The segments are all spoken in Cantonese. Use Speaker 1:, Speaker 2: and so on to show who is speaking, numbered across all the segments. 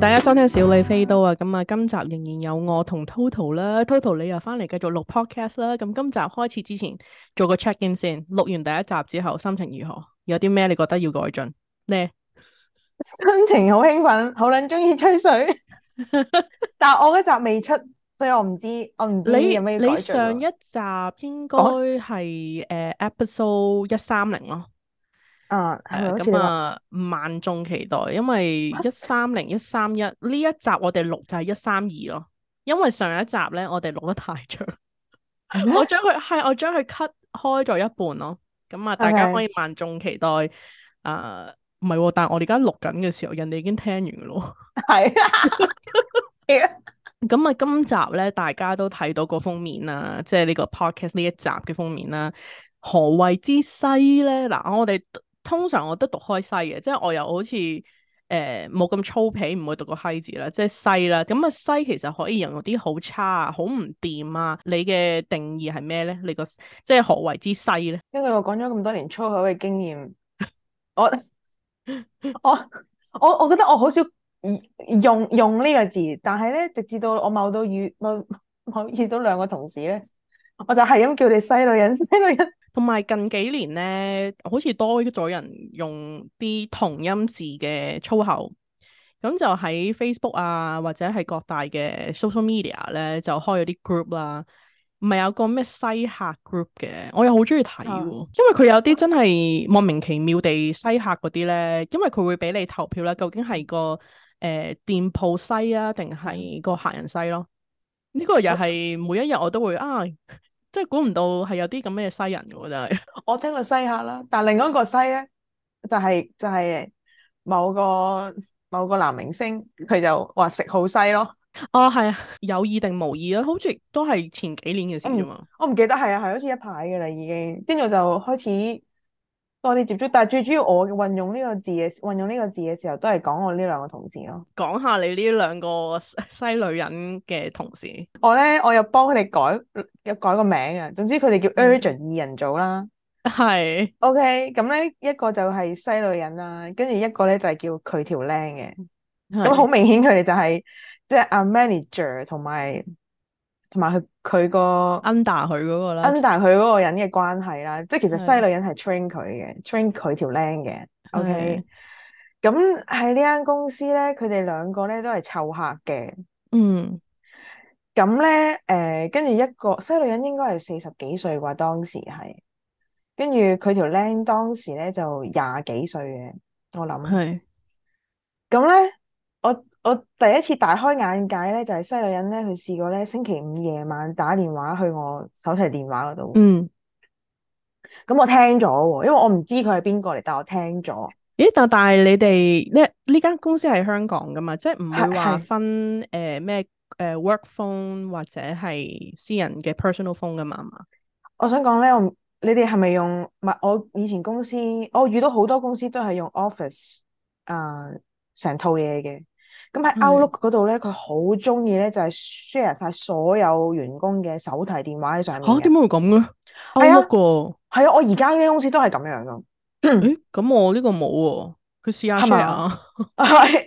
Speaker 1: 大家收聽《小李飛刀》啊，咁啊，今集仍然有我同 Toto 啦，Toto 你又翻嚟繼續錄 podcast 啦。咁今集開始之前做個 check in 先，錄完第一集之後心情如何？有啲咩你覺得要改進咧？
Speaker 2: 心情好興奮，好捻中意吹水， 但係我嗰集未出，所以我唔知我唔知有咩要改進咯。你你上
Speaker 1: 一集應該係誒 episode 一三零咯。啊，咁啊，萬眾期待，因為一三零一三一呢一集我哋錄就係一三二咯，因為上一集咧我哋錄得太長 我將，我將佢係我將佢 cut 開咗一半咯，咁啊大家可以萬眾期待，誒，唔係，但係我哋而家錄緊嘅時候，人哋已經聽完咯，係啊，咁啊，今集咧大家都睇到個封面啦，即係呢個 podcast 呢一集嘅封面啦，何謂之閪咧？嗱，我哋。通常我都讀開西嘅，即係我又好似誒冇咁粗鄙，唔會讀個閪字啦，即係西啦。咁啊西其實可以形容啲好差、好唔掂啊。你嘅定義係咩咧？你個即係何謂之西咧？根據我講咗咁多年粗口嘅經驗， 我
Speaker 2: 我我我覺得我好少用用呢個字，但係咧直至到我某到遇某冇遇到兩個同事咧，我就係咁叫你西
Speaker 1: 女人，西女人。同埋近幾年咧，好似多咗人用啲同音字嘅粗口，咁就喺 Facebook 啊，或者係各大嘅 social media 咧，就開咗啲 group 啦。唔係有個咩西客 group 嘅，我又好中意睇喎，啊、因為佢有啲真係莫名其妙地西客嗰啲咧，因為佢會俾你投票啦，究竟係個誒、呃、店鋪西啊，定係個客人西咯？呢、呢個又係每一日我都會啊～即係估唔到係有啲咁嘅西人嘅喎，真係。
Speaker 2: 我聽過西客啦，但係另一個西咧就係、是、就係、是、某個某個男明星，
Speaker 1: 佢就話食
Speaker 2: 好西咯。
Speaker 1: 哦、啊，係啊，有意定無意啊？好似都係前幾年嘅事啫嘛。
Speaker 2: 我唔記得係啊，係好似一排㗎喇已經，跟住就開始。多啲接觸，但係最主要我運用呢個字嘅運用呢個字嘅時候，都係講我呢兩個同事咯。
Speaker 1: 講下你呢兩個閪女人嘅同事。
Speaker 2: 我咧，我又幫佢哋改又改個名啊。總之佢哋叫 Urgent 二人組啦。係、嗯、OK，咁咧一個就係閪女人啦，跟住一個咧就係、是、叫佢條靚
Speaker 1: 嘅咁好明顯、就
Speaker 2: 是，佢哋就係、是、即係阿 manager 同埋。同埋佢佢個 under 佢嗰個啦，under 佢嗰個人嘅關係啦，即係其實西女人係 train 佢嘅，train 佢條靚嘅。OK，咁喺呢間公司咧，佢哋兩個咧都係湊客嘅。嗯，咁咧，誒、呃，跟住一個西女人應該係四十幾歲啩，當時係，跟住佢條靚當時咧就廿幾歲嘅，我諗係。咁咧是，我。我第一次大開眼界咧，就係、是、西女人咧。佢試過咧，星期五夜晚打電話去我手提電話嗰度。嗯，
Speaker 1: 咁我聽咗喎，因為我唔知佢係邊個嚟，但我聽咗。咦？但但係你哋咧呢間公司係香港噶嘛？即係唔會話分誒咩誒 work phone 或者係私人嘅 personal phone 噶嘛？我
Speaker 2: 想講咧，我你哋係咪用唔係我以前公司？我遇到好多公司都係用 office 啊、呃，成套嘢嘅。
Speaker 1: 咁喺 Outlook
Speaker 2: 嗰度咧，佢好中意咧，就係 share 晒所有員工嘅手提電話喺上面。吓，點
Speaker 1: 解會咁嘅？係啊，不過係啊，啊啊哎、我而家啲公司都係咁樣咯。誒，咁我呢個冇喎，佢試下啊。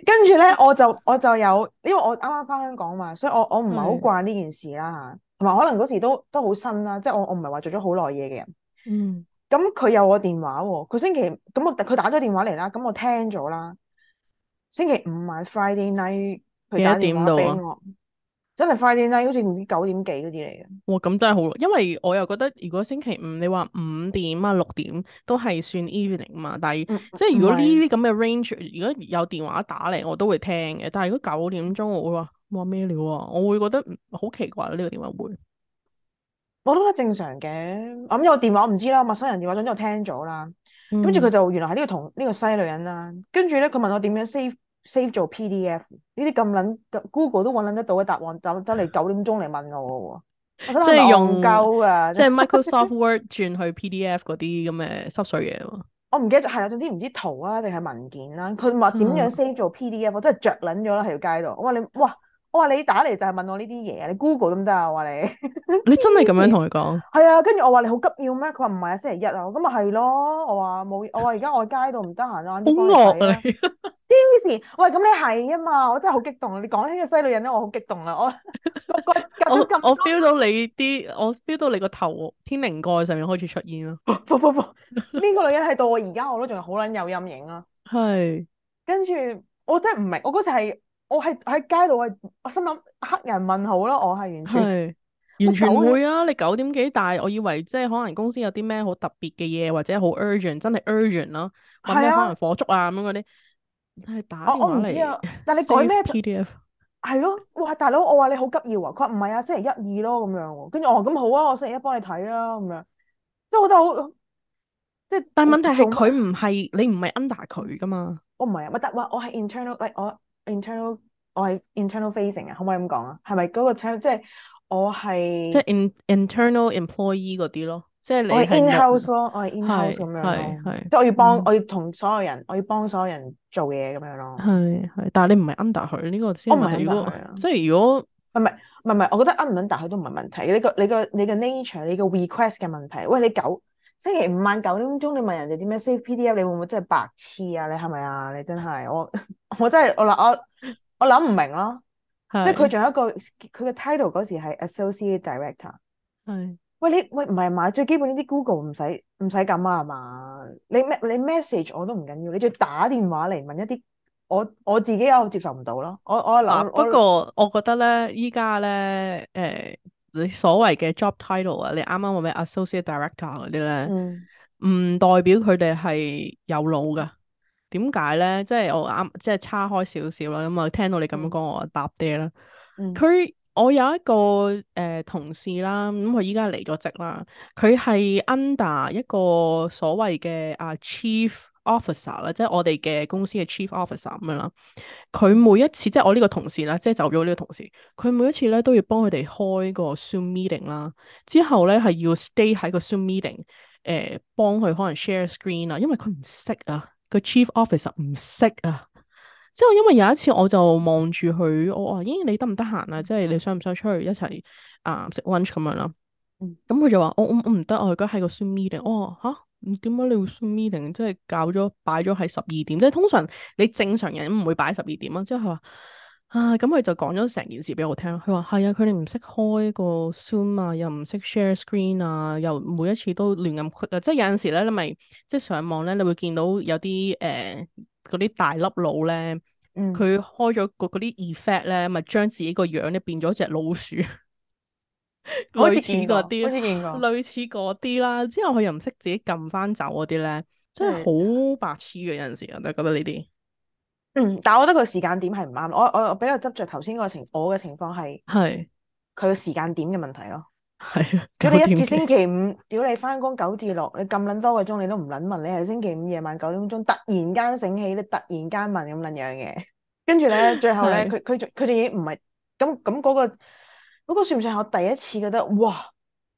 Speaker 2: 跟住咧，我就我就有，因為我啱啱翻香港嘛，所以我我唔係好慣呢件事啦吓。同埋可能嗰時都都好新啦，即係我我唔係、嗯嗯、話做咗好耐嘢嘅人。嗯。咁佢有我電話喎，佢星期咁我佢打咗電話嚟啦，咁我聽咗啦。星期五晚 Friday night 佢打電話俾我，真係 Friday night 好似唔知九點幾嗰啲嚟嘅。
Speaker 1: 哇，咁真係好，因為我又覺得如果星期五你話五點啊六點都係算 evening 嘛。但係、嗯、即係如果呢啲咁嘅 range，是如果有電話打嚟，我都會聽嘅。但係如果九點鐘，我會話話咩料啊？我會覺得好奇怪呢、這個電話會。
Speaker 2: 我覺得正常嘅，咁有個電話唔知啦，陌生人電話，總之我聽咗啦。嗯、跟住佢就原來喺呢個同呢、呢個西女人啦、啊，跟住咧佢問我點樣 save save 做 PDF 呢啲咁撚，Google 都揾撚得到嘅答案，走走嚟九點鐘嚟問我喎，即係用夠啊，即係
Speaker 1: Microsoft Word 轉去 PDF 嗰啲咁嘅濕碎嘢喎，
Speaker 2: 我唔記得係啦，總之唔知圖啊定係文件啦、啊，佢話點樣 save 做 PDF，嗯、我真係着撚咗啦喺條街度，我話你哇～我話你打嚟就係問我呢啲嘢，你 Google 得唔得啊？我話你，
Speaker 1: 你真係咁樣同佢講。
Speaker 2: 係啊，跟住我話你好急要咩？佢話唔係啊，星期一啊，咁咪係咯。我話冇，我話而家我喺街度唔得閒啊。好惡啊！黐線，喂，咁你係啊嘛？我真係好激,激動啊！你講起個西女人咧，我好激動啦！我
Speaker 1: 我我我 feel 到你啲，我 feel 到你個頭天靈蓋上面開始出煙啦！ 不,不不不，
Speaker 2: 呢、這個女人係到我而家我都仲好卵有陰影啊！
Speaker 1: 係 ，
Speaker 2: 跟住我真係唔明，我嗰時係。我係喺街度，我心諗黑人問號咯。我係完全，是
Speaker 1: 會完全會啊！你九點幾大？我以為即係可能公司有啲咩好特別嘅嘢，或者好 urgent，真係 urgent 咯。係、啊、可能火燭啊咁嗰啲，係打電話嚟。但係你改咩 Save PDF？
Speaker 2: 係咯，哇大佬，我話你好急要啊。佢話唔係啊，星期一二咯咁樣、啊。跟住我話咁好啊，我星期一幫你睇啦咁樣、啊。
Speaker 1: 即係我覺得好，即係但係問題係佢唔係你唔係 under 佢噶嘛？
Speaker 2: 我唔係啊，是我得話我係 internal，、like，我。我 internal 我係 internal facing 啊，可唔可以咁講啊？係咪嗰個 term 即係我係即係
Speaker 1: internal employee 嗰啲咯，即係你 in
Speaker 2: house 咯，我係 in house 咁係樣咯，係即係我要幫、嗯、我要同所有人，我要幫所有人做嘢咁樣咯，係
Speaker 1: 係，但係你唔係 under 佢呢、呢個先唔係問題，under 如果，所以如果唔
Speaker 2: 係唔係唔係，我覺得 under 唔 under 都唔係問題，你個你個你個 nature 你個 request 嘅問題，喂，你九。星期五晚九點鐘你問人哋點樣 save PDF 你會唔會真係白痴啊？你係咪啊？你真係我我真係我諗我我諗唔明咯，
Speaker 1: 即係佢仲
Speaker 2: 有一個佢嘅 title 嗰時係 associate director 係
Speaker 1: 是
Speaker 2: 喂你喂唔係嘛，最基本呢啲 Google 唔使唔使咁啊嘛。你你 message 我都唔緊要，你仲打電話嚟問一啲我我自己有接受唔到咯我我諗不過
Speaker 1: 我覺得咧依家咧誒。你所謂嘅 job title 啊，你啱啱話咩 associate director 嗰啲咧，唔代表佢哋係有腦噶點解咧？即係我啱即係叉開少少啦，咁啊聽到你咁樣講，嗯、我答爹啦。佢、嗯、我有一個誒、呃、同事啦，咁佢依家離咗職啦，佢係 under 一個所謂嘅阿、啊、chief。officer 啦，即係我哋嘅公司嘅 chief officer 咁樣啦。佢每一次即係我呢個同事啦，即係走咗呢個同事，佢每一次咧都要幫佢哋開個 zoom meeting 啦。之後咧係要 stay 喺個 zoom meeting，誒、呃，幫佢可能 share screen 啊，因為佢唔識啊，個 chief officer 唔識啊。之後因為有一次我就望住佢，我話，咦、欸，你得唔得閒啊？即係你想唔想出去一齊啊食 lunch 咁樣啦？咁佢、嗯、就話，我我唔得，我而家喺個 zoom meeting 我。我話、啊、吓？點解你會 zoom meeting？即係搞咗擺咗喺十二點，即係通常你正常人唔會擺十二點囉。之後佢話啊，咁佢就講咗成件事俾我聽。佢話係啊，佢哋唔識開個 zoom 啊，又唔識 share screen 啊，又每一次都亂咁，即係有陣時咧，你咪即係上網咧，你會見到有啲誒嗰啲大粒佬咧，佢、嗯、開咗嗰啲 effect 咧，咪將自己個樣咧變咗隻老鼠。好似嗰啲， 類似嗰啲啦， 之後佢又唔識自己撳翻走嗰啲咧，的真係好白痴嘅，有陣時我都覺得呢啲。嗯，
Speaker 2: 但係我覺得佢時間點係唔啱。我我比較執着頭先個情，我嘅情況係係佢嘅時間點嘅問題咯。係，
Speaker 1: 如果你一至星
Speaker 2: 期五，屌 你翻工九至六，你咁捻多個鐘，你都唔捻問，你係星期五夜晚九點鐘突然間醒起，你突然間問咁捻樣嘅，跟住咧最後咧，佢佢仲佢仲要唔係咁咁個。那個嗰個算唔算係我第一次覺得哇，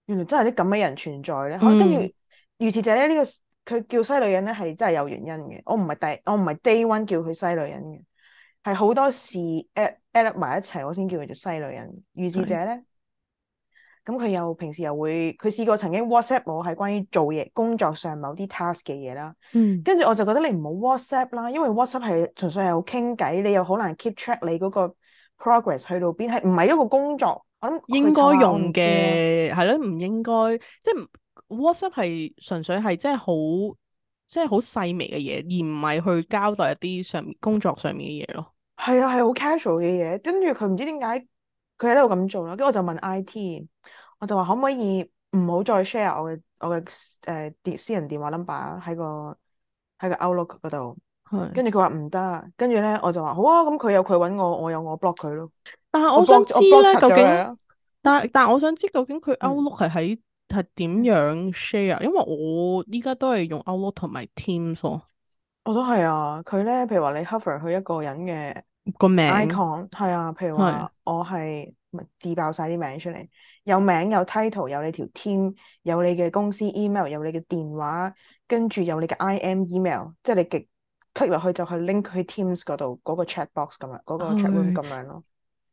Speaker 2: 原來真係啲咁嘅人存在咧、嗯啊？跟住如是者咧，呢、呢個佢叫西女人咧係真係有原因嘅。我唔係第我唔係 day one 叫佢西女人嘅，係好多時 at add 埋一齊我先叫佢做西女人。如是者咧，咁佢是又平時又會佢試過曾經 WhatsApp 我喺關於做嘢工作上某啲 task 嘅嘢啦，嗯、跟住我就覺得你唔好 WhatsApp 啦，因為 WhatsApp 係純粹係好傾偈，你又好難 keep track 你嗰個 progress 去到邊，係唔係一個工作？嗯、應該用嘅
Speaker 1: 係咯，唔應該即係、就是、WhatsApp 係純粹係即係好即係好細微嘅嘢，而唔係去交代一啲上面工作上面嘅嘢咯。
Speaker 2: 係啊，係好 casual 嘅嘢，跟住佢唔知點解佢喺度咁做啦，跟住我就問 IT，我就話可唔可以唔好再 share 我嘅我嘅誒私私人電話 number 喺個喺個 Outlook 嗰度，跟住佢話唔得，跟住咧我就話好啊，咁佢有佢搵我，我有我 block 佢咯。但係我想
Speaker 1: 知咧，究竟但係但係我想知究竟佢 Outlook 係喺係點、嗯、樣 share？因為我依家都係用 Outlook 同埋 Teams 咯，我都係啊。
Speaker 2: 佢咧，譬如話你 hover 佢一個人嘅
Speaker 1: 個名 icon，
Speaker 2: 係啊。譬如話我係咪是自爆晒啲名出嚟？有名有 title，有你條 team，有你嘅公司 email，有你嘅電話，跟住有你嘅 IM email。即係你極 click 落去就去 link 佢 Teams 度嗰個 chat box 咁樣，嗰個 chat room 咁樣咯。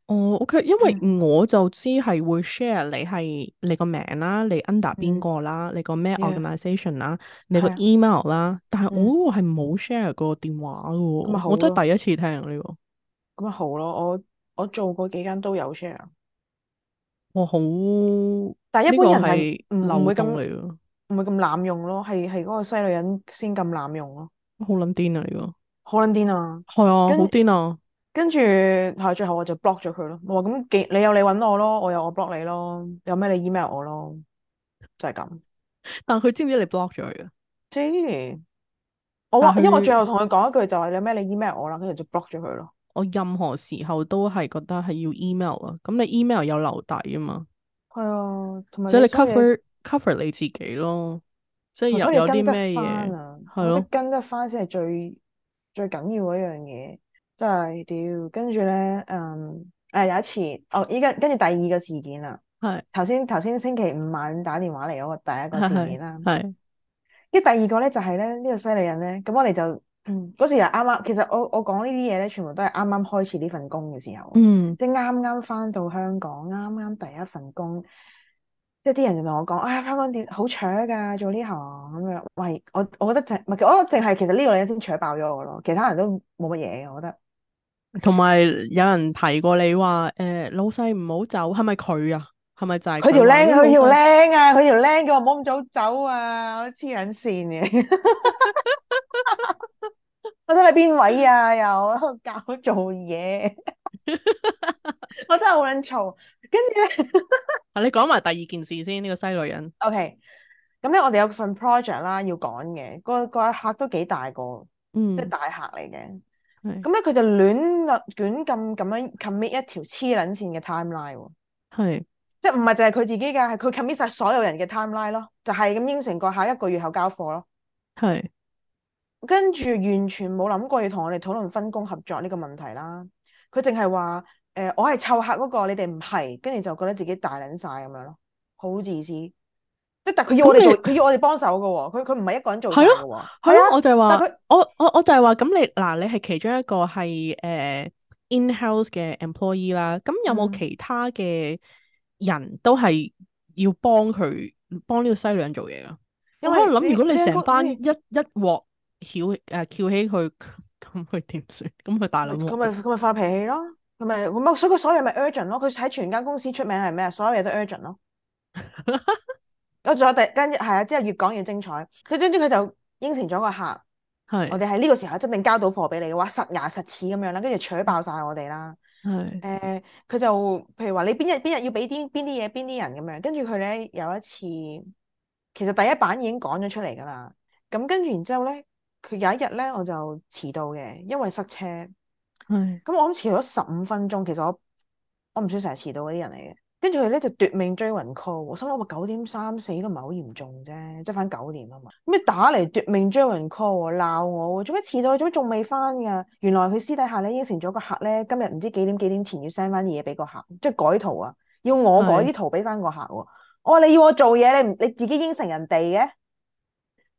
Speaker 1: 哦、oh，OK，因為我就知係會 share 你係你個名啦，你 under 邊個啦，你個咩 organization 啦，你個 email 啦，但係我嗰個係冇 share 過電話噶，嗯、我真係第一次聽呢、
Speaker 2: 這個。咁咪好咯，我我做過幾間都有 share。
Speaker 1: 我好，但係一般人係唔會咁，
Speaker 2: 唔會咁濫用咯，係係嗰個閪女人先咁濫用
Speaker 1: 咯。好撚癲啊！呢、這個好撚癲啊！係啊，好癲啊！為
Speaker 2: 跟住，係最後我就 block 咗佢咯。我話咁既你有你搵我咯，我有我 block 你咯。有咩你 email 我咯，就係咁。
Speaker 1: 但佢知唔知你 block 咗佢啊？知，我話，因為我最後同佢講
Speaker 2: 一句就係你咩？你 email 我啦，跟住就 block 咗佢咯。
Speaker 1: 我任何時候都係覺得係要 email 啊。咁你 email 有留底啊嘛？
Speaker 2: 係啊，即係你，你 cover
Speaker 1: cover 你自己咯。即係有有啲咩嘢係咯，
Speaker 2: 跟得翻先係最最緊要一樣嘢。真係屌，跟住咧，嗯，誒、哎，有一次，哦，依家跟住第二個事件啦，係頭先頭先星期五晚打電話嚟嗰個第一個事件啦，係的，跟第二個咧就係、是、咧呢、這個犀利人咧，咁我哋就，嗰、嗯、時又啱啱，其實我我講呢啲嘢咧，全部都係啱啱開始呢份工嘅時候，嗯，即係啱啱翻到香港，啱啱第一份工，即係啲人就同我講，啊、哎，香港好扯噶，做呢行咁樣，喂，我我，我覺得就唔、是、係，我淨係其實呢個女人先扯爆咗我咯，其他人都冇乜嘢嘅，我覺得。
Speaker 1: 同埋有人提過你話誒、欸，老細唔好走，係咪佢啊？係咪就係佢條僆，佢條僆
Speaker 2: 啊，佢條僆叫我唔好咁早走啊！我黐捻線嘅，我真你邊位啊？又喺度教做嘢，我真係好捻嘈！跟住咧，
Speaker 1: 啊，你講埋第二件事先，呢、這個西女人。
Speaker 2: O K，咁咧我哋有份 project 啦，要講嘅個個客都幾大個，大嗯，即係大客嚟嘅。咁咧佢就亂啊，卷咁咁樣 commit 一條黐撚線嘅 timeline 喎，是即係唔係淨係佢自己嘅，係佢 commit 晒所有人嘅 timeline 咯，就係、是、咁應承過下一個月後交貨咯、
Speaker 1: 啊，係是，
Speaker 2: 跟住完全冇諗過要同我哋討論分工合作呢個問題啦、啊，佢淨係話誒我係湊客嗰、嗰個，你哋唔係，跟住就覺得自己大撚晒咁樣咯，好自私。即佢要我哋做，佢們要我哋幫手噶喎，佢佢唔係一個人做嘢噶喎。係咯，我
Speaker 1: 就係話，我我我就係話，咁你嗱，你係其中一個係誒、呃、in house 嘅 employee 啦。咁、嗯、有冇其他嘅人都係要幫佢幫呢個閪人做嘢啊？因為我諗，如果你成班一一鑊翹誒翹起佢，咁佢點算？咁佢大佬，佢咪
Speaker 2: 佢咪發脾氣咯？咁咪咁所以佢所有咪 urgent、er、咯。佢喺全間公司出名係咩？所有嘢都 urgent、er、咯。 我仲有第跟住係啊，之後越講越精彩。佢總之佢就應承咗個客，係是我哋喺呢個時候真正交到貨俾你嘅話，實牙實齒咁樣啦，跟住取爆晒我哋啦。係誒是，佢、欸、就譬如話你邊日邊日要俾啲邊啲嘢邊啲人咁樣。跟住佢咧有一次，其實第一版已經講咗出嚟噶啦。咁跟住然之後咧，佢有一日咧我就遲到嘅，因為塞車。係咁是，我諗遲咗十五分鐘。其實我我唔算成日遲到嗰啲人嚟嘅。跟住佢咧就奪命追魂 call 我，心諗我九點三四應該唔係好嚴重啫，即係翻九點啊嘛。咩打嚟奪命追魂 call 我，鬧我，做咩遲到，做咩仲未翻噶？原來佢私底下咧應承咗個客咧，今日唔知幾點幾點前要 send 翻啲嘢俾個客，即係改圖啊，要我改啲圖俾翻個客喎。我話是、哦、你要我做嘢，你你自己應承人哋
Speaker 1: 嘅。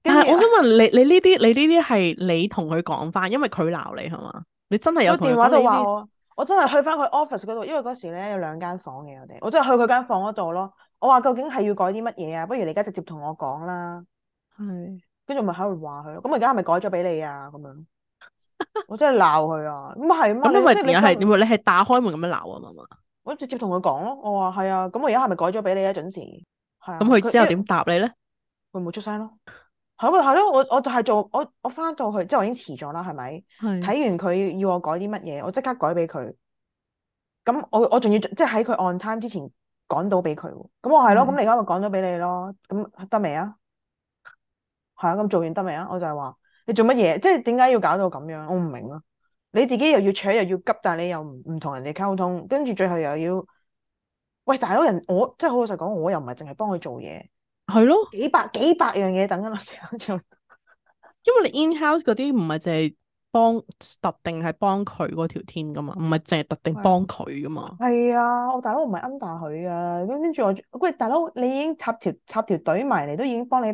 Speaker 1: 但係我想問、啊、你，你呢啲你呢啲係你同佢講翻，因為佢鬧你係嘛？你真係有電話都話我。
Speaker 2: 我真係去翻佢 office 嗰度，因為嗰時咧有兩間房嘅我哋，我真係去佢間房嗰度咯。我話，究竟係要改啲乜嘢啊？不如你而家直接同我講啦。係，跟住咪喺度話佢。咁我而家係咪改咗俾你啊？咁樣，
Speaker 1: 我真係鬧佢啊！咁
Speaker 2: 係咁， 你咪而家係點
Speaker 1: 啊？你係打開門咁樣鬧啊嘛嘛。媽媽我直接
Speaker 2: 同佢講咯，我話係啊，咁我而家係咪改咗俾你啊？準時。係啊。咁佢之後點答你咧？會唔會出聲咯。係咯，我我就係做，我我翻到去，即係我已經遲咗啦，係咪？睇完佢要我改啲乜嘢，我即刻改俾佢。咁我我仲要即係喺佢 on time 之前趕到俾佢。咁我係咯，咁你而家咪趕咗俾你咯。咁得未啊？係啊，咁做完得未啊？我就係話你做乜嘢？即係點解要搞到咁樣？我唔明咯。你自己又要扯又要急，但係你又唔唔同人哋溝通，跟住最後又要喂大佬，人，我即係好老實講，我又唔係淨係幫佢做嘢。係咯幾，幾百幾百樣嘢等緊我做，
Speaker 1: 因為你 in house 嗰啲唔係淨係幫特定係幫佢嗰條 team 噶嘛，唔係淨係特定幫佢噶嘛。
Speaker 2: 係啊，我大佬唔係 under 佢啊。咁跟住我，我大佬你已經插條插條隊埋嚟，都已經幫你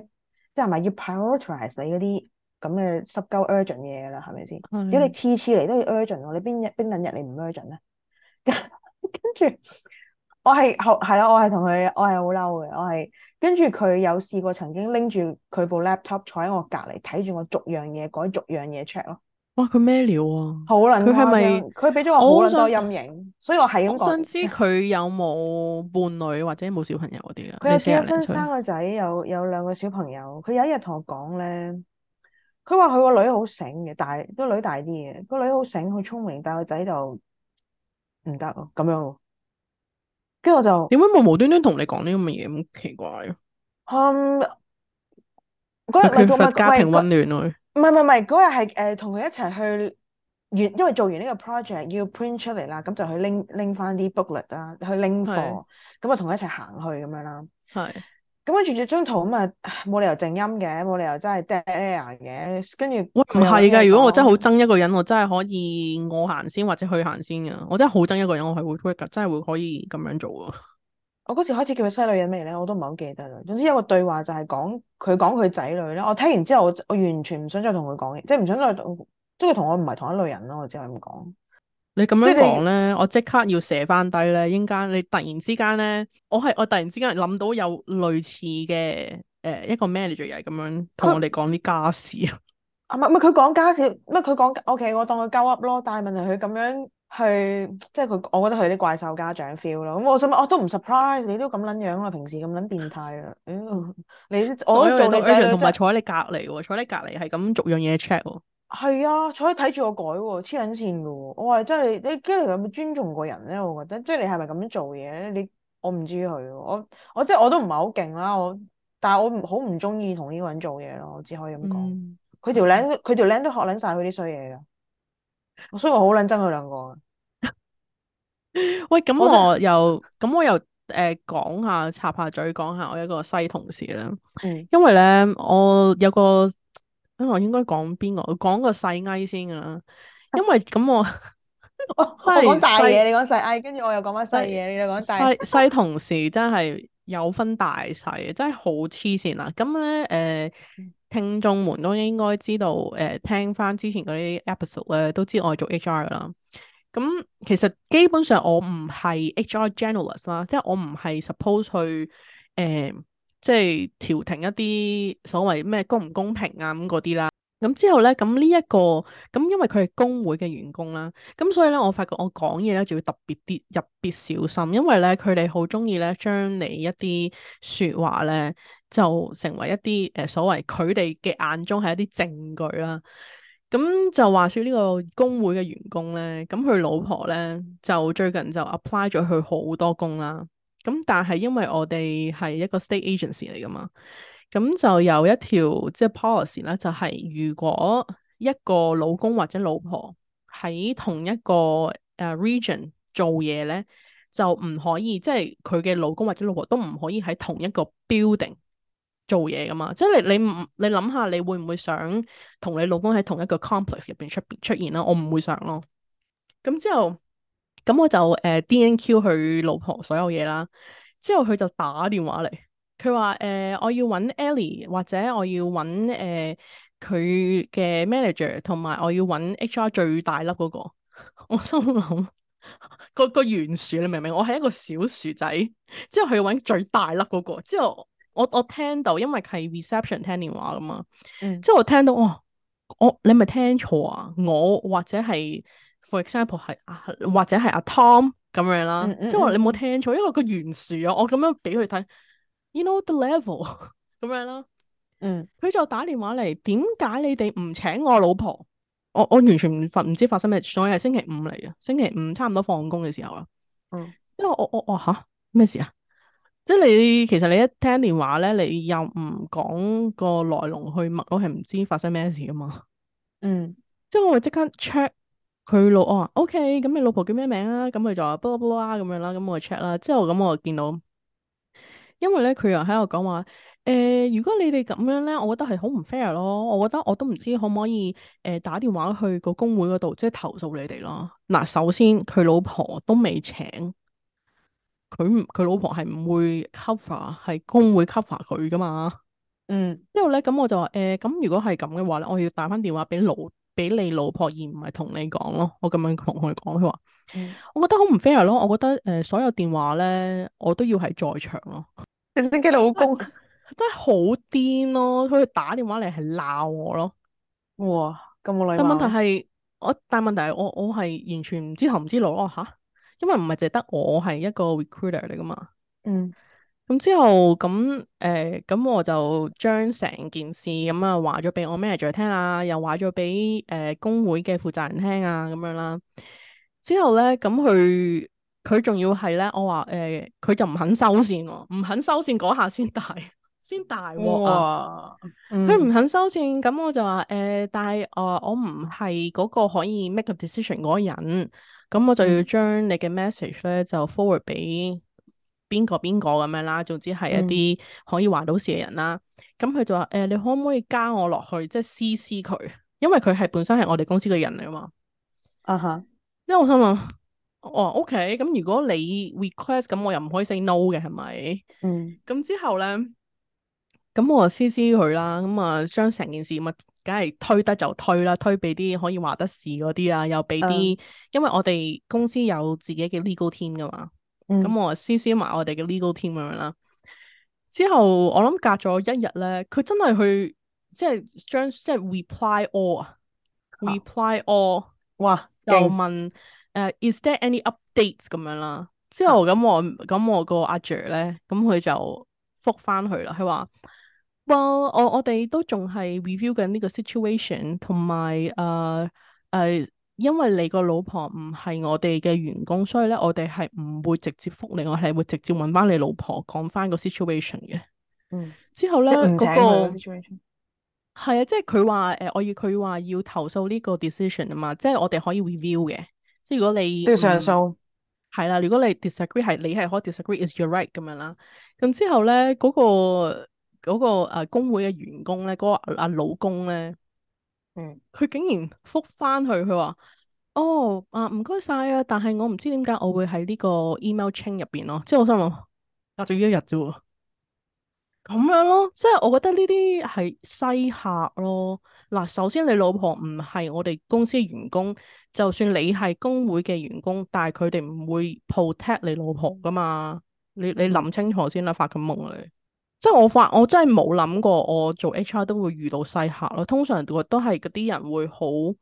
Speaker 2: 即係咪要 prioritize 你嗰啲咁嘅濕鳩 urgent 嘢啦，係咪先？如果的你次次嚟都要 urgent，你邊日邊兩日你唔 urgent 咧？ 跟住我係係咯，我係同佢我係好嬲嘅，我係。我跟住佢有試過曾經拎住佢部 laptop 坐喺我隔離睇住我逐樣嘢改逐樣嘢 check 咯。
Speaker 1: 哇！佢咩料啊？佢俾咗我好撚多陰影，所以我係咁講。我想知佢有冇伴侶或者冇小朋友嗰啲啊？佢 有結婚，生
Speaker 2: 個仔，有有兩個小朋友。佢有一日同我講咧，佢話佢個女好醒嘅，但大都女大啲嘅，個女好醒好聰明，但係個仔就唔得咯，咁樣。
Speaker 1: 跟住我就，點解冇無端端同你講呢咁嘅嘢？咁奇怪？
Speaker 2: 嗯，嗰日佢發家庭溫暖咯，唔係唔係，嗰日係誒同佢一齊去完，因為做完呢個 project 要 print 出嚟啦，咁就去拎拎翻啲 booklet 啦，去拎貨，咁啊同佢一齊行去咁樣啦，係。咁我截住張圖咁啊，冇理由靜音嘅，冇理由真係 dead air 嘅。跟住唔係噶，如果
Speaker 1: 我真係好憎一個人，我真係可以我行先或者去行先噶。我真係好憎一個人，我係會真係會可以咁樣做
Speaker 2: 啊。我嗰時開始叫佢閪女人咩咧，我都唔係好記得啦。總之有個對話就係講佢講佢仔女咧，我聽完之後我我完全唔想再同佢講嘢，即係唔想再同，即係同我唔
Speaker 1: 係同一類人咯。我只係咁講。你咁樣講咧，即我即刻要寫翻低咧。應間你突然之間咧，我係我突然之間諗到有類似嘅誒、呃、一個 manager 又係咁樣同我哋講啲家事
Speaker 2: 啊。啊咪佢講家事，乜佢講 O K，我當佢鳩 up 咯。但係問題佢咁樣去，即係佢，我覺得佢啲怪獸家長 feel 咯。咁我想，我、啊、都唔 surprise 你都咁撚樣啊，平時咁撚變態啊。你我都做你仔，同埋
Speaker 1: 坐喺你隔籬、就是，坐你隔籬係咁逐樣嘢 check。
Speaker 2: 係啊，坐喺睇住我改喎，黐撚線噶喎！我話真係你，今日有冇尊重過人咧？我覺得，即係你係咪咁樣做嘢咧？你我唔知佢，我我即係我都唔係好勁啦，我，我，我，我但係我唔好唔中意同呢個人做嘢咯，我只可以咁講。佢、嗯、條僆，佢條僆都學撚晒佢啲衰嘢㗎，所以我好撚憎佢兩個。
Speaker 1: 喂，咁我又咁我，我又誒講下插下嘴，講下我一個閪同事啦，嗯、因為咧我有個。咁、哎、我應該講邊個？我講個細閪先啦、啊，因為咁我
Speaker 2: 我講 是大嘢，西你講細閪，跟住我又講翻細嘢，西你又講大。細西
Speaker 1: 同事真係有分大細，真係好黐線啦！咁咧，誒、呃，聽眾們都應該知道，誒、呃，聽翻之前嗰啲 episode 咧、呃，都知道我係做 HR 啦。咁其實基本上我唔係 HR generalist 啦，即、就、係、是、我唔係 suppose 去誒。呃即係調停一啲所謂咩公唔公平啊咁嗰啲啦，咁之後咧，咁呢一個咁，因為佢係工會嘅員工啦，咁所以咧，我發覺我講嘢咧就要特別啲，特別小心，因為咧佢哋好中意咧將你一啲説話咧就成為一啲誒、呃、所謂佢哋嘅眼中係一啲證據啦。咁就話說呢個工會嘅員工咧，咁佢老婆咧就最近就 apply 咗佢好多工啦。咁但係因為我哋係一個 state agency 嚟噶嘛，咁就有一條即係 policy 咧，就係、是、如果一個老公或者老婆喺同一個誒、uh, region 做嘢咧，就唔可以即係佢嘅老公或者老婆都唔可以喺同一個 building 做嘢噶嘛。即係你你你諗下，你,你,想想你會唔會想同你老公喺同一個 complex 入邊出出現啦？我唔會想咯。咁之後。咁我就誒 D.N.Q 佢老婆所有嘢啦，之後佢就打電話嚟，佢話誒，我要揾 Ellie 或者我要揾誒佢、呃、嘅 manager，同埋我要揾 HR 最大粒嗰、個。我心諗 個,個原薯你明唔明？我係一個小薯仔，之後佢要揾最大粒嗰、個。之後我我聽到，因為係 reception 聽電話噶嘛，嗯、之後我聽到哦，我你咪聽錯啊，我或者係。For example 係啊或者係阿、啊、Tom 咁樣啦，即係話你冇聽錯，因為個原始啊，我咁樣俾佢睇，you know the level 咁樣啦，嗯，佢就打電話嚟，點解你哋唔請我老婆？我我完全唔發唔知發生咩，所以係星期五嚟啊，星期五差唔多放工嘅時候啊，嗯，因為我我我吓，咩、啊、事啊？即、就、係、是、你其實你一聽電話咧，你又唔講個來龍去脈，我係唔知發生咩事㗎嘛，嗯，即係我會即刻 check。佢老我，OK，咁你老婆叫咩名啊？咁佢就話，不啦不啦咁樣啦，咁我就 check 啦。之後咁我就見到，因為咧佢又喺度講話，誒，如果你哋咁樣咧，我覺得係好唔 fair 咯。我覺得我都唔知可唔可以誒打電話去個工會嗰度，即係投訴你哋咯。嗱，首先佢老婆都未請，佢佢老婆係唔會 cover，係工會 cover 佢噶嘛。嗯。之後咧，咁我就話，誒，咁如果係咁嘅話咧，我要打翻電話俾老。俾你老婆而唔係同你講咯，我咁樣同佢講，佢話我覺得好唔 fair 咯，我覺得誒、呃、所有電話咧我都要喺在場咯。其實神經老公 真係好癲咯，佢打電話嚟係鬧我咯。哇，咁我嚟。但問題係我，但問題係我，我係完全唔知頭唔知路咯吓、啊，因為唔係淨係得我係一個 recruiter 嚟噶嘛。嗯。咁之後咁誒，咁、呃、我就將成件事咁啊話咗俾我 manager 聽啊，又話咗俾誒工會嘅負責人聽啊，咁樣啦。之後咧咁佢佢仲要係咧，我話誒，佢、呃、就唔肯收線，唔肯收線嗰下先大，先大鑊啊！佢唔肯收線，咁我就話誒、呃，但係誒、呃、我唔係嗰個可以 make a decision 嗰人，咁我就要將你嘅 message 咧就 forward 俾。邊個邊個咁樣啦，總之係一啲可以話到事嘅人啦。咁佢、嗯、就話，誒、欸，你可唔可以加我落去，即、就、係、是、C C 佢？因為佢係本身係我哋公司嘅人嚟啊嘛。啊哈、uh。因、huh. 為我心諗，哦，O K，咁如果你 request，咁我又唔可以 say no 嘅，係咪？嗯。咁之後咧，咁我就 C C 佢啦，咁啊，將成件事咪梗係推得就推啦，推俾啲可以話得事嗰啲啊，又俾啲，uh huh. 因為我哋公司有自己嘅 legal team 噶嘛。咁我先先埋我哋嘅 legal team 咁樣啦，之後我諗隔咗一日咧，佢真係去即係將即係 reply all，reply all，哇，又問誒害、uh,，is there any updates 咁樣啦？之後咁、啊、我咁我個阿 Joe 咧，咁佢就複翻佢啦，佢話，哇、well,，我我哋都仲係 review 緊呢個 situation，同埋誒誒。Uh, uh, 因為你個老婆唔係我哋嘅員工，所以咧我哋係唔會直接覆你，我係會直接搵翻你老婆講翻個 situation 嘅。嗯，之後咧嗰個
Speaker 2: situation
Speaker 1: 係啊，即係佢話誒，我要佢話要投訴呢個 decision 啊嘛，即係我哋可以 review 嘅。即係如果你要上訴，係啦，如果你 disagree，係你係可以 disagree is your right 咁樣啦。咁之後咧嗰個嗰個誒工會嘅員工咧，嗰個阿老公咧。嗯，佢竟然覆翻去，佢話：哦啊，唔該晒啊！但係我唔知點解我會喺呢個 email chain 入邊咯，即係我心諗隔咗一日啫。咁樣咯，即係我覺得呢啲係西客咯。嗱，首先你老婆唔係我哋公司嘅員工，就算你係工會嘅員工，但係佢哋唔會 protect 你老婆噶嘛。你你諗清楚先啦，發個、嗯、夢你。即係我發，我真係冇諗過，我做 HR 都會遇到細客咯。通常都係嗰啲人會好誒，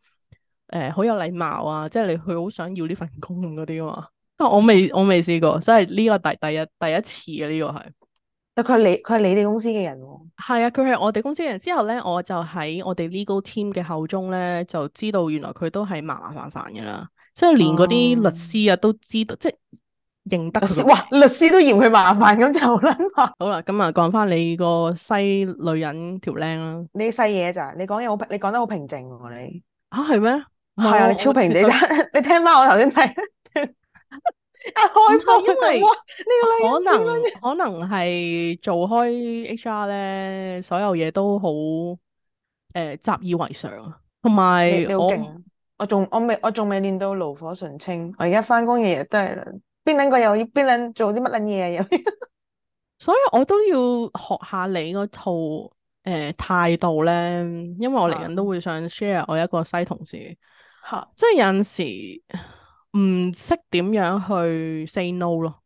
Speaker 1: 好、呃、有禮貌啊。即係你佢好想要呢份工嗰啲嘛。但係我未我未試過，即係呢個第一第一第一次啊！呢、這個係。但佢係你佢係你哋公司嘅人喎、哦。係啊，佢係我哋公司嘅人。之後咧，我就喺我哋 legal team 嘅口中咧，就知道原來佢都係麻麻煩煩嘅啦。即係連嗰啲律師啊，都知道、哦、即係。認得哇！律師都嫌佢麻煩，咁就捻話。好啦，咁啊，講翻你個西女人條靚啦。
Speaker 2: 你細嘢咋？你講嘢好，你講得好平靜喎，你
Speaker 1: 啊係咩？係啊，你超平靜。
Speaker 2: 你聽翻我頭先睇。
Speaker 1: 啊開波啊！呢個可能可能係做開 HR 咧，所有嘢都好誒，習以為常啊。同埋你好勁，我我仲
Speaker 2: 我未我仲未練到爐火純青。我而家翻工嘅嘢都係。邊兩個又要邊諗做啲乜撚嘢又？
Speaker 1: 所以我都要學下你嗰套誒態、呃、度咧，因為我嚟緊都會想 share 我一個閪同事，吓、啊，即係有陣時唔識點樣去 say no 咯，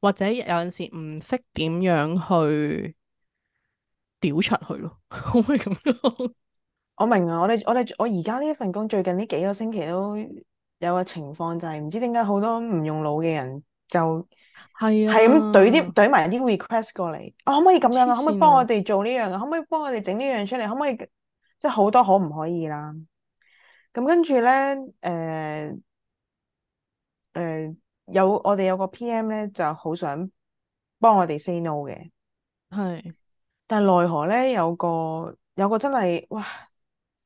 Speaker 1: 或者有陣時唔識點樣去屌出去咯，可唔可以咁講？
Speaker 2: 我明啊，我哋我哋我而家呢一份工最近呢幾個星期都。有個情況就係唔知點解好多唔用腦嘅人就係係咁懟啲懟埋啲 request 過嚟，我、啊、可唔可以咁樣啊？可唔可以幫我哋做呢樣啊？可唔可以幫我哋整呢樣出嚟？可唔可以即係好多可唔可以啦？咁跟住咧，誒、呃、誒、呃，有我哋有個 P.M. 咧，就好想幫我哋 say no 嘅，
Speaker 1: 係是，
Speaker 2: 但係奈何咧，有個有個真係哇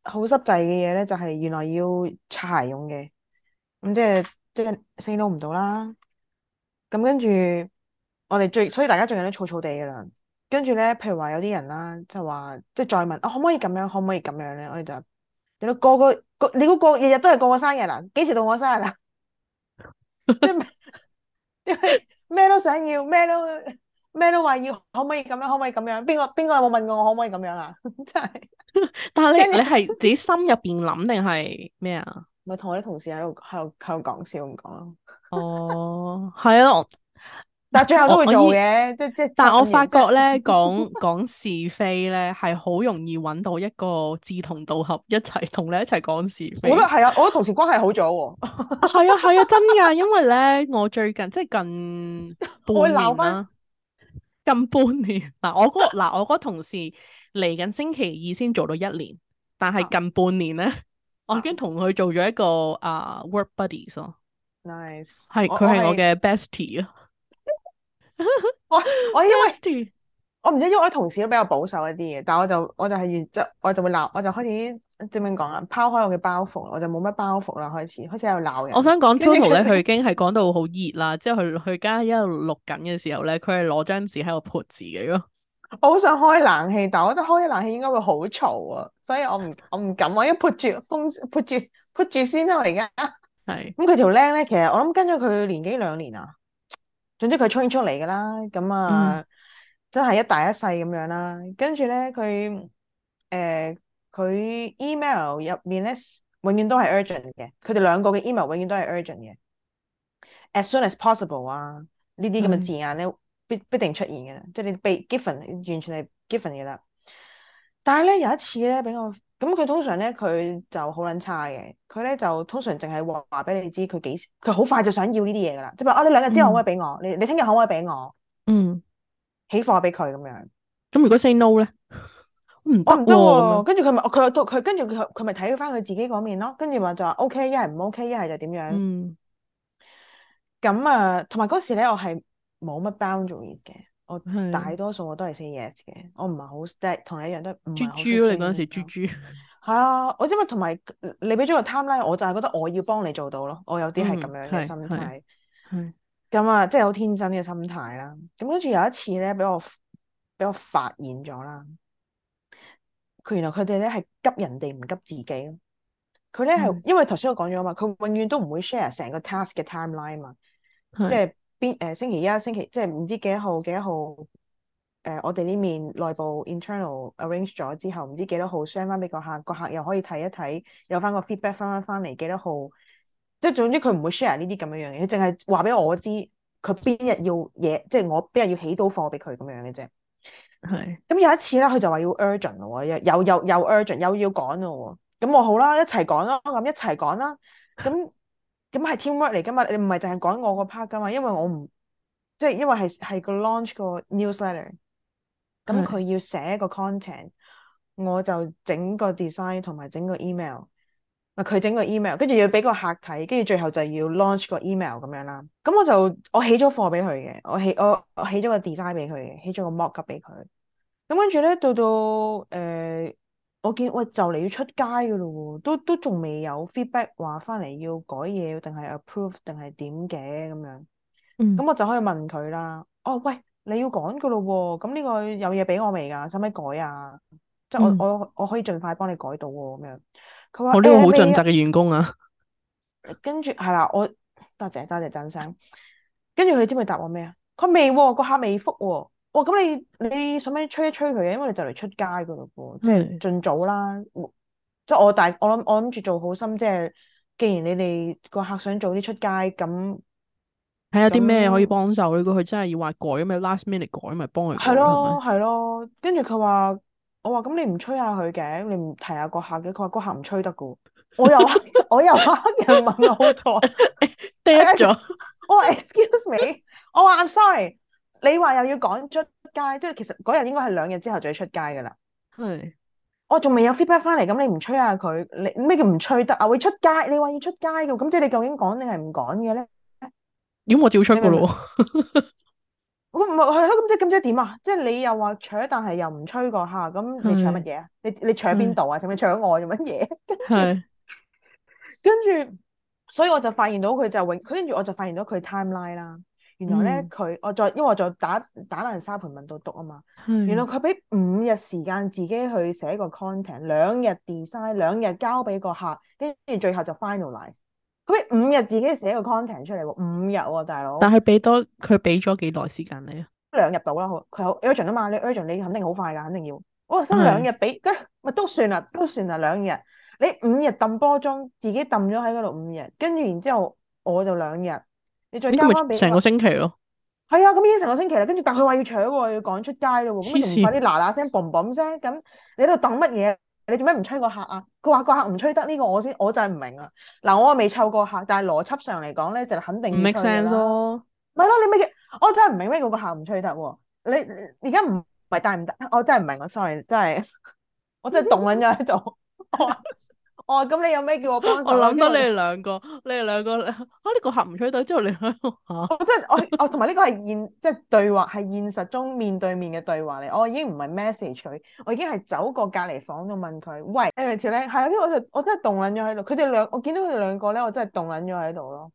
Speaker 2: 好濕滯嘅嘢咧，就係原來要擦鞋用嘅。咁即係即係 say no 唔到啦。咁跟住我哋最，所以大家最近都燥燥地噶啦。跟住咧，譬如話有啲人啦，就係話即係再問，我、啊、可唔可以咁樣？可唔可以咁樣咧？我哋就，你個個個你嗰個日日都係過我生日啦，幾時到我生日啊？咩 都想要，咩都咩都話要，可唔可以咁樣？可唔可以咁樣？邊個邊個有冇問過我可唔可以咁樣啊？
Speaker 1: 真 係你。但係 後你你係自己心入邊諗定係咩啊？
Speaker 2: 咪同
Speaker 1: 我啲同事喺度喺度喺度講笑咁講咯。哦，係、uh, 啊， 但係最後都會做嘅，即即。但我發覺咧，講講是，是非咧，係好容易揾到一個志同道合，一齊同你一齊講是非。我覺得係啊，我同事關係好咗、啊。係 啊係啊，啊，真噶，因為咧，我最近即近半年啦，近半年嗱，我嗰嗱我同事嚟緊星期二先做到一年，但係近半年咧。 我已經同佢做咗一個啊、uh, work buddies 咯、oh.，nice，係佢係我嘅 bestie 啊！
Speaker 2: 我 我，我因為 Best ie. 我唔知，因為我啲同事都比較保守一啲嘢，但係我就我就係原則，我就會鬧，我就開始點樣講啊？拋開我嘅包袱，我就冇乜包袱啦。開始開始喺度鬧人。我想講 Toto 咧，佢
Speaker 1: 已經係講到好熱啦，之後佢佢而家一路錄緊嘅時候咧，佢係攞張紙喺度潑自己咯。
Speaker 2: 我好想開冷氣，但係我覺得開冷氣應該會好嘈啊，所以我唔我唔敢我啊，一潑住風潑住潑住先啦，而家係咁佢條僆咧，其實我諗跟咗佢年幾兩年啊，總之佢出現出嚟噶啦，咁啊、嗯、真係一大一細咁樣啦、啊。跟住咧佢誒佢、呃、email 入面咧永遠都係 urgent 嘅，佢哋兩個嘅 email 永遠都係 urgent 嘅，as soon as possible 啊，呢啲咁嘅字眼。咧、嗯。必必定出現嘅啦，即係你被 given 完全係 given 嘅啦。但係咧有一次咧，俾我咁佢通常咧佢就好撚差嘅，佢咧就通常淨係話俾你知佢幾時，佢好快就想要呢啲嘢噶啦。即係我你兩日之後可唔可以俾我？你你聽日可唔可以俾我？嗯，起貨俾佢咁樣。
Speaker 1: 咁如果 say no 咧，
Speaker 2: 我唔得。跟住佢咪，佢佢跟住佢佢咪睇翻佢自己嗰面咯。跟住咪就話 O K，一係唔 O K，一係就點樣？嗯。咁啊，同埋嗰時咧，我係。冇乜 boundary 嘅，我大多數我都係 say yes 嘅，我唔係好 stuck 同你一樣都。
Speaker 1: 豬豬、啊、你嗰陣時豬豬
Speaker 2: 係 啊，我因為同埋你俾咗個 timeline，我就係覺得我要幫你做到咯，我有啲係咁樣嘅心態，咁、嗯、啊，即係好天真嘅心態啦。咁跟住有一次咧，俾我俾我發現咗啦，佢原來佢哋咧係急人哋唔急自己咯。佢咧係因為頭先我講咗啊嘛，佢永遠都唔會 share 成個 task 嘅 timeline 啊嘛，
Speaker 1: 即係。
Speaker 2: 邊誒星期一、星期即係唔知幾多號、幾多號誒？我哋呢面內部 internal arrange 咗之後，唔知幾多號 share 翻俾個客，個客又可以睇一睇，有翻個 feedback 翻翻翻嚟幾多號？即係總之佢唔會 share 呢啲咁樣樣嘅，佢淨係話俾我知佢邊日要嘢，即係我邊日要起到貨俾佢咁樣嘅啫。係是。咁有一次咧，佢就話要 urgent 咯，又又又 urgent，又要趕咯。咁我好啦，一齊講啦，咁一齊講啦。咁。 咁係 teamwork 嚟㗎嘛，你唔係淨係講我個 part 㗎嘛。因為我唔即係因為係係個 launch 個 newsletter，咁佢的要寫一個 content，我就整個 design 同埋整個 email。啊，佢整個 email，跟住要俾個客睇，跟住最後就要 launch 個 email 咁樣啦。咁我就我起咗貨俾佢嘅，我起我起咗個 design 俾佢嘅，起咗個 mockup 給俾佢。咁跟住咧，到到誒。呃我見，喂，就嚟要出街噶咯喎，都都仲未有 feedback 話翻嚟要改嘢，定係 approve 定係點嘅咁樣。咁、嗯、我就可以問佢啦。哦喂，你要趕噶咯喎，咁呢個有嘢俾我未噶，使唔使改啊？即係我、嗯、我我可以盡快幫你改到喎咁樣。佢話我呢個好盡責
Speaker 1: 嘅員工啊。欸、
Speaker 2: 跟住係啦，我多謝多謝掌聲，跟住佢知唔知答我咩啊？佢未喎，個客未覆喎。哇！咁、喔、你你想唔想吹一吹佢啊？因為你就嚟出街噶嘞噃，即係盡早啦！即係我大我諗我諗住做好心，即、就、係、是、既然你哋個客想早啲出街，咁
Speaker 1: 睇下啲咩可以幫手。如果佢真係要話改，咁咪 last minute 改，咪幫佢。係咯，
Speaker 2: 係咯。跟住佢話我話咁你唔吹下佢嘅，你唔提下個客嘅。佢話個客唔吹得噶。我又 我又黑人問號錯，dead 咗。哦、 哎 oh,，excuse me。我、oh, 哦，I'm sorry。你話又要趕出街，即係其實嗰日應該係兩日之後就要出街噶啦。係的，我仲未有 feedback 翻嚟，咁你唔催下佢？你咩叫唔催得啊？會出街？你話要出街嘅，咁即係你究竟趕定係唔趕嘅咧？
Speaker 1: 咁、呃、我照出噶咯
Speaker 2: 喎。唔係，係咯，咁即係咁即係點啊？即係你又話搶，但係又唔催個下。咁你搶乜嘢啊？的你你搶邊度啊？係咪搶我做乜嘢？跟住，跟住，所以我就發現到佢就永，佢跟住我就發現到佢 timeline 啦。原來咧，佢我再因為我再打打爛沙盤問到篤啊嘛。嗯、原來佢俾五日時間自己去寫個 content，兩日 design，兩日交俾個客，跟住最後就 finalize。佢俾五日自己寫個 content 出嚟喎，五日喎、啊，大佬。但係
Speaker 1: 俾多，佢俾咗幾耐時間你
Speaker 2: 啊？兩日到啦，佢好 urgent 啊嘛，你 urgent 你肯定好快㗎，肯定要。哇、哦，收兩日俾，咪都算啦，都算啦，兩日。你五日揼波鐘，自己揼咗喺嗰度五日，跟住然之後我就兩日。你再加翻俾成個星期咯，係啊，咁已經成個星期啦。跟住，但係佢話要搶喎，要趕出街咯喎。咁你唔快啲嗱嗱聲，嘣嘣聲，咁你喺度等乜嘢？你做咩唔催個客啊？佢話個客唔吹得呢個，我先我就係唔明啊。嗱，我未湊過客，但係邏輯上嚟講咧，就肯定唔 make sense 咯。唔係咯，你咩嘅？我真係唔明咩個客唔吹得喎。你而家唔係帶唔得，我真係唔明啊！sorry，真係我真係凍緊咗喺度。哦，咁你有咩叫我幫手？我諗到你哋兩，后
Speaker 1: 兩個，你哋兩個，啊呢、這個客唔取到，之後你喺度嚇。我
Speaker 2: 我我同埋呢個係現即係、就是、對話，係現實中面對面嘅對話嚟。我已經唔係 message 佢，我已經係走過隔離房度問佢：喂，係啊，跟、嗯、住我就我真係動撚咗喺度。佢哋兩我見到佢哋兩個咧，我真係動撚咗喺度咯。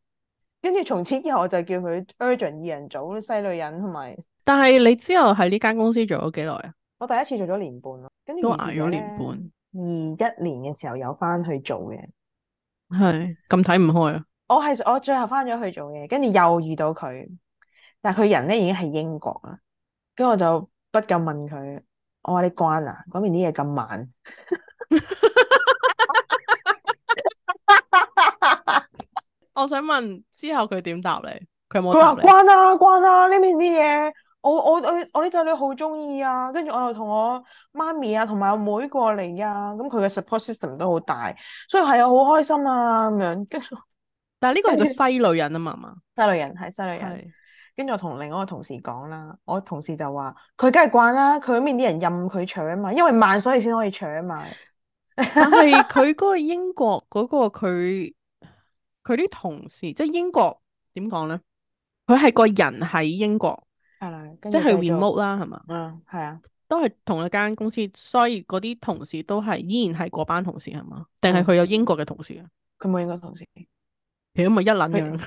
Speaker 2: 跟住從此以後，我就叫佢 urgent 二人組，西女人同埋。
Speaker 1: 但係你之後喺呢間公司做咗幾耐啊？
Speaker 2: 我第一次做咗年半咯，跟住都捱咗年半。
Speaker 1: 二一年嘅時候有翻去做嘅，係咁睇唔開啊！
Speaker 2: 我係我最後翻咗去做嘢，跟住又遇到佢，但係佢人咧已經係英國啦，跟住我就不禁問佢。我話你關啊，嗰邊啲嘢咁慢。
Speaker 1: 我想問，之後佢點答你？佢冇佢話
Speaker 2: 關啊關啊，呢邊啲嘢。我我我我啲仔女好中意啊，跟住我又同我媽咪啊，同埋阿妹過嚟啊，咁佢嘅 support system 都好大，所以係啊，好開心啊咁樣。跟住，但
Speaker 1: 係呢個係個西女人啊嘛，嘛西女人係西女人。跟住我同另外一個
Speaker 2: 同事講啦，我同事就話佢梗係慣啦，佢面啲人任佢搶嘛，因為慢所以先可以搶埋。
Speaker 1: 但係佢嗰個英國嗰個佢，佢啲同事即係英國點講咧？佢係個人喺英國。係 啦，即係 remote 啦，係嘛？嗯，係啊，都係同一間公司，所以嗰啲同事都係依然係嗰班同事，係嘛？定係佢有英國嘅同事啊？佢冇 英國同事，咁咪一卵樣？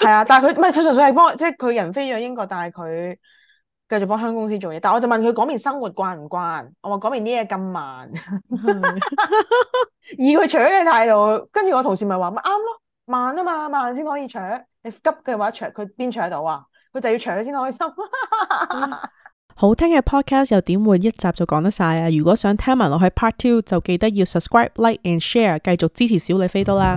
Speaker 2: 係啊，但係佢唔係，佢純粹係幫，即係佢人飛咗英國，但係佢繼續幫香港公司做嘢。但係我就問佢嗰邊生活慣唔慣？我話嗰邊啲嘢咁慢， 以佢搶嘅態度，跟住我同事咪話咪啱咯，慢啊嘛，慢先可以搶。你急嘅話搶，佢邊搶得到啊？佢就要搶佢先開心。
Speaker 1: 好聽嘅 podcast 又點會一集就講得晒啊？如果想聽埋落去 part two，就記得要 subscribe、like and share，繼續支持小李飛刀啦。